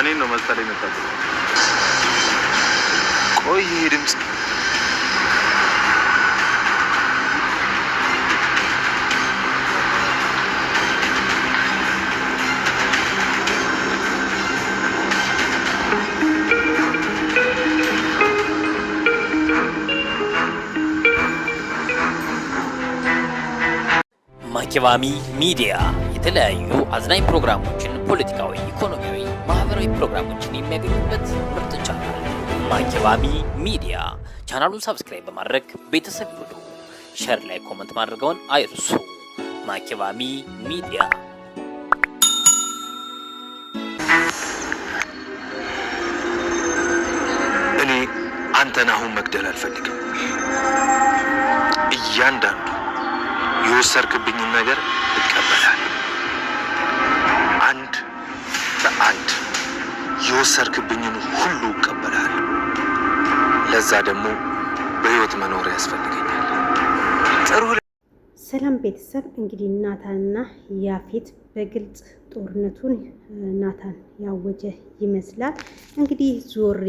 እኔን ነው መሰለኝ መጣሁ። ቆይ ይሄ ድምፅ ማኪባሚ ሚዲያ የተለያዩ አዝናኝ ፕሮግራሞችን ፖለቲካዊ፣ ኢኮኖሚያዊ ማህበራዊ ፕሮግራሞችን የሚያገኙበት ምርጥ ቻናል ማኪባቢ ሚዲያ። ቻናሉን ሰብስክራይብ በማድረግ ቤተሰብ ይሁኑ። ሸር ላይ ኮመንት ማድረገውን አይርሱ። ማኪባቢ ሚዲያ እኔ አንተን አሁን መግደል አልፈልግም። እያንዳንዱ የወሰድክብኝን ነገር እቀበላለሁ አንድ በአንድ የወሰርክብኝን ሁሉ እቀበልሃለሁ። ለዛ ደግሞ በህይወት መኖር ያስፈልገኛል። ጥሩ ሰላም ቤተሰብ። እንግዲህ ናታንና ያፌት በግልጽ ጦርነቱን ናታን ያወጀ ይመስላል። እንግዲህ ዞሬ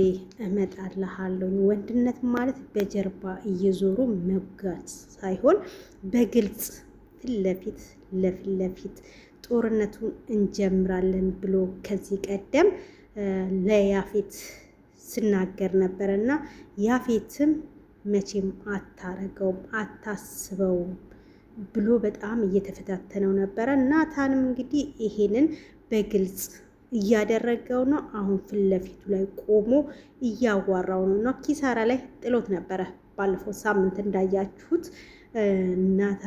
እመጣልሃለሁ። ወንድነት ማለት በጀርባ እየዞሩ መጋት ሳይሆን በግልጽ ፊት ለፊት ጦርነቱን እንጀምራለን ብሎ ከዚህ ቀደም ለያፌት ስናገር ነበር እና ያፌትም መቼም አታረገውም አታስበውም ብሎ በጣም እየተፈታተነው ነበረ። ናታንም እንግዲህ ይሄንን በግልጽ እያደረገው ነው። አሁን ፊት ለፊቱ ላይ ቆሞ እያዋራው ነው እና ኪሳራ ላይ ጥሎት ነበረ። ባለፈው ሳምንት እንዳያችሁት እናታ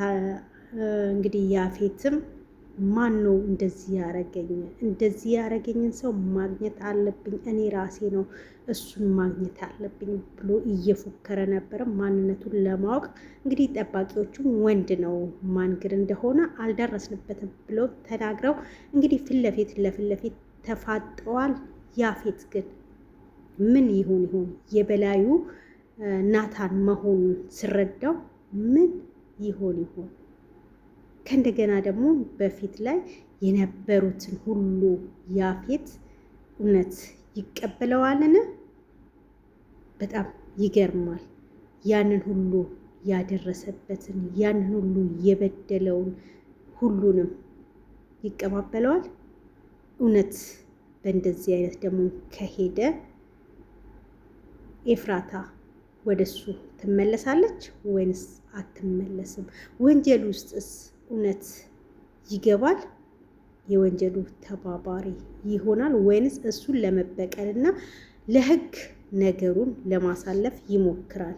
እንግዲህ ያፌትም ማን ነው እንደዚህ ያረገኝ? እንደዚህ ያረገኝን ሰው ማግኘት አለብኝ፣ እኔ ራሴ ነው እሱን ማግኘት አለብኝ ብሎ እየፎከረ ነበረ ማንነቱን ለማወቅ። እንግዲህ ጠባቂዎቹም ወንድ ነው ማንግር እንደሆነ አልደረስንበትም ብለው ተናግረው እንግዲህ ፊት ለፊት ለፊት ተፋጠዋል። ያፌት ግን ምን ይሁን ይሁን የበላዩ ናታን መሆኑን ስረዳው ምን ይሆን ይሆን ከእንደገና ደግሞ በፊት ላይ የነበሩትን ሁሉ ያፌት እውነት ይቀበለዋልን? በጣም ይገርማል። ያንን ሁሉ ያደረሰበትን ያንን ሁሉ የበደለውን ሁሉንም ይቀባበለዋል? እውነት በእንደዚህ አይነት ደግሞ ከሄደ ኤፍራታ ወደሱ ትመለሳለች ወይንስ አትመለስም? ወንጀል ውስጥስ እውነት ይገባል፣ የወንጀሉ ተባባሪ ይሆናል ወይንስ እሱን ለመበቀል ለመበቀልና ለህግ ነገሩን ለማሳለፍ ይሞክራል?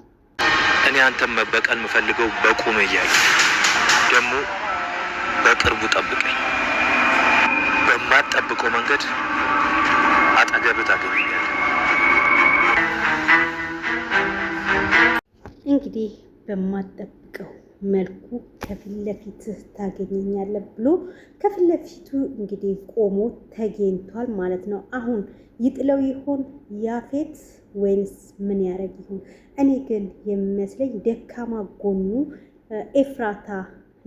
እኔ አንተን መበቀል የምፈልገው በቁም እያይ ደግሞ በቅርቡ ጠብቀኝ። በማትጠብቀው መንገድ አጠገብ ታገኛለህ። እንግዲህ በማጠብቀው መልኩ ከፊት ለፊት ታገኘኛለህ ብሎ ከፊት ለፊቱ እንግዲህ ቆሞ ተገኝቷል ማለት ነው። አሁን ይጥለው ይሆን ያፌት ወይንስ ምን ያደረግ ይሆን? እኔ ግን የሚመስለኝ ደካማ ጎኑ ኤፍራታ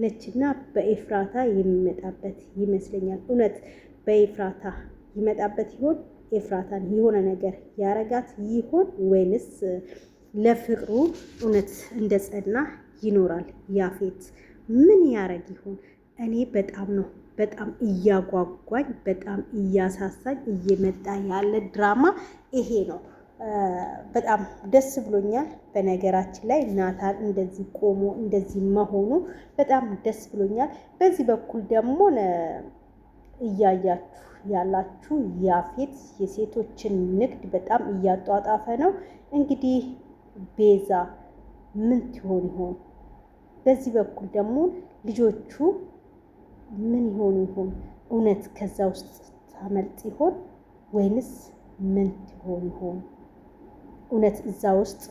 ነችና በኤፍራታ የሚመጣበት ይመስለኛል። እውነት በኤፍራታ ይመጣበት ይሆን? ኤፍራታን የሆነ ነገር ያረጋት ይሆን? ወይንስ ለፍቅሩ እውነት እንደጸና ይኖራል። ያፌት ምን ያረግ ይሆን? እኔ በጣም ነው በጣም እያጓጓኝ በጣም እያሳሳኝ እየመጣ ያለ ድራማ ይሄ ነው። በጣም ደስ ብሎኛል። በነገራችን ላይ ናታን እንደዚህ ቆሞ እንደዚህ መሆኑ በጣም ደስ ብሎኛል። በዚህ በኩል ደግሞ እያያችሁ ያላችሁ ያፌት የሴቶችን ንግድ በጣም እያጧጣፈ ነው። እንግዲህ ቤዛ ምን ትሆን ይሆን? በዚህ በኩል ደግሞ ልጆቹ ምን ይሆኑ ይሆን? እውነት ከዛ ውስጥ ታመልጥ ይሆን ወይንስ ምን ይሆን ይሆን? እውነት እዛ ውስጥ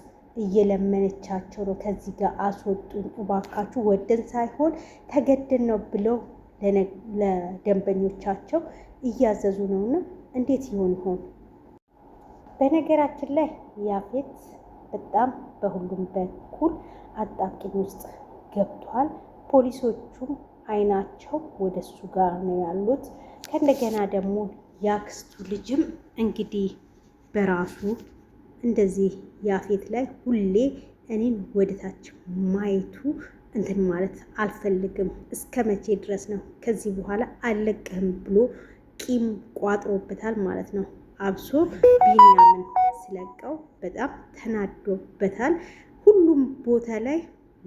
እየለመነቻቸው ነው። ከዚህ ጋር አስወጡን እባካችሁ፣ ወደን ሳይሆን ተገደን ነው ብለው ለደንበኞቻቸው እያዘዙ ነውና እንዴት ይሆን ይሆን? በነገራችን ላይ ያፌት በጣም በሁሉም በኩል አጣብቂኝ ውስጥ ገብቷል። ፖሊሶቹም አይናቸው ወደ እሱ ጋር ነው ያሉት። ከእንደገና ደግሞ ያክስቱ ልጅም እንግዲህ በራሱ እንደዚህ ያፌት ላይ ሁሌ እኔን ወደታች ማየቱ እንትን ማለት አልፈልግም፣ እስከ መቼ ድረስ ነው ከዚህ በኋላ አለቀህም ብሎ ቂም ቋጥሮበታል ማለት ነው። አብሶ ቢንያምን ስለቀው በጣም ተናዶበታል ሁሉም ቦታ ላይ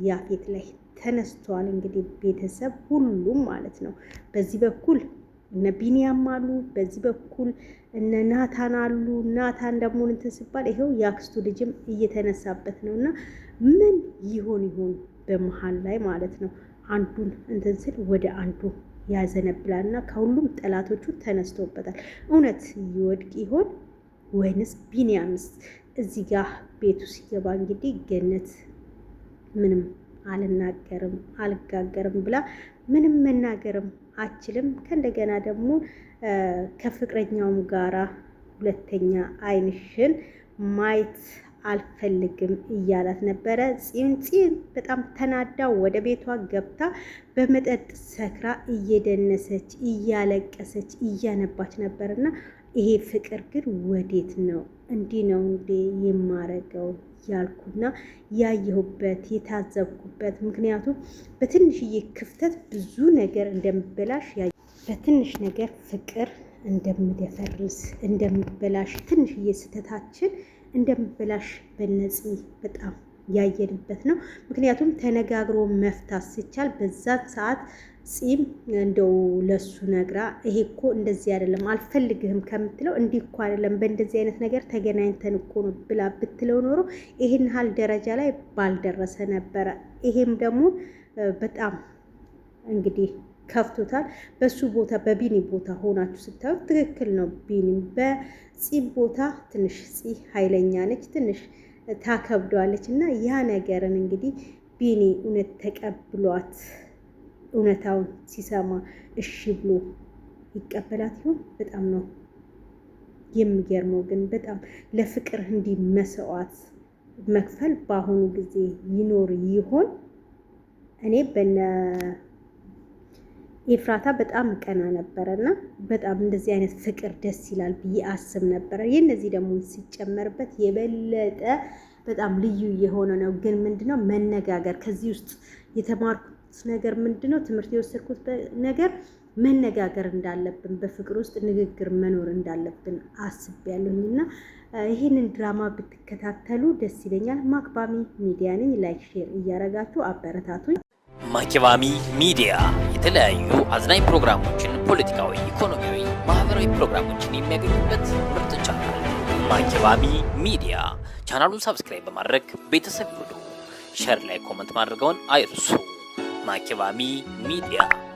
ያፌት ላይ ተነስቷል እንግዲህ ቤተሰብ ሁሉም ማለት ነው። በዚህ በኩል እነ ቢኒያም አሉ፣ በዚህ በኩል እነ ናታን አሉ። ናታን ደግሞ እንትን ሲባል ይኸው የአክስቱ ልጅም እየተነሳበት ነው እና ምን ይሆን ይሆን በመሀል ላይ ማለት ነው አንዱን እንትን ስል ወደ አንዱ ያዘነብላል እና ከሁሉም ጠላቶቹ ተነስቶበታል። እውነት ይወድቅ ይሆን ወይንስ ቢንያምስ? እዚህ ጋር ቤቱ ሲገባ እንግዲህ ገነት ምንም አልናገርም አልጋገርም ብላ ምንም መናገርም አችልም። ከእንደገና ደግሞ ከፍቅረኛውም ጋራ ሁለተኛ አይንሽን ማየት አልፈልግም እያላት ነበረ። ፂን ፂን በጣም ተናዳ ወደ ቤቷ ገብታ በመጠጥ ሰክራ እየደነሰች እያለቀሰች እያነባች ነበርና ይሄ ፍቅር ግን ወዴት ነው? እንዲህ ነው እንዴ የማረገው? ያልኩና ያየሁበት የታዘብኩበት ምክንያቱም በትንሽዬ ክፍተት ብዙ ነገር እንደምበላሽ በትንሽ ነገር ፍቅር እንደምደፈርስ እንደምበላሽ ትንሽዬ ስህተታችን እንደምበላሽ በነፂ በጣም ያየንበት ነው። ምክንያቱም ተነጋግሮ መፍታት ሲቻል በዛ ሰዓት ፂም እንደው ለሱ ነግራ ይሄ እኮ እንደዚህ አይደለም አልፈልግህም ከምትለው እንዲህ እኮ አይደለም በእንደዚህ አይነት ነገር ተገናኝተን እኮ ነው ብላ ብትለው ኖሮ ይሄን ያህል ደረጃ ላይ ባልደረሰ ነበረ። ይሄም ደግሞ በጣም እንግዲህ ከፍቶታል። በሱ ቦታ በቢኒ ቦታ ሆናችሁ ስታዩት ትክክል ነው። ቢኒ በፂ ቦታ ትንሽ ፂ ኃይለኛ ነች፣ ትንሽ ታከብደዋለች እና ያ ነገርን እንግዲህ ቢኒ እውነት ተቀብሏት እውነታውን ሲሰማ እሺ ብሎ ይቀበላት ይሆን? በጣም ነው የሚገርመው። ግን በጣም ለፍቅር እንዲህ መስዋዕት መክፈል በአሁኑ ጊዜ ይኖር ይሆን? እኔ በነ ኤፍራታ በጣም ቀና ነበረ እና በጣም እንደዚህ አይነት ፍቅር ደስ ይላል ብዬ አስብ ነበረ። ይህ እነዚህ ደግሞ ሲጨመርበት የበለጠ በጣም ልዩ የሆነ ነው። ግን ምንድነው መነጋገር ከዚህ ውስጥ የተማርኩት ነገር ምንድነው ትምህርት የወሰድኩት ነገር መነጋገር እንዳለብን በፍቅር ውስጥ ንግግር መኖር እንዳለብን አስቤያለሁኝ እና ይህንን ድራማ ብትከታተሉ ደስ ይለኛል። ማክባሚ ሚዲያ ነኝ። ላይክ፣ ሼር እያረጋችሁ አበረታቱኝ። ማኪባሚ ሚዲያ የተለያዩ አዝናኝ ፕሮግራሞችን፣ ፖለቲካዊ፣ ኢኮኖሚያዊ፣ ማህበራዊ ፕሮግራሞችን የሚያገኙበት ምርጥ ቻናል ማኪባሚ ሚዲያ። ቻናሉን ሳብስክራይብ በማድረግ ቤተሰብ ይሁኑ። ሸር ላይ ኮመንት ማድረገውን አይርሱ። マキワミメディア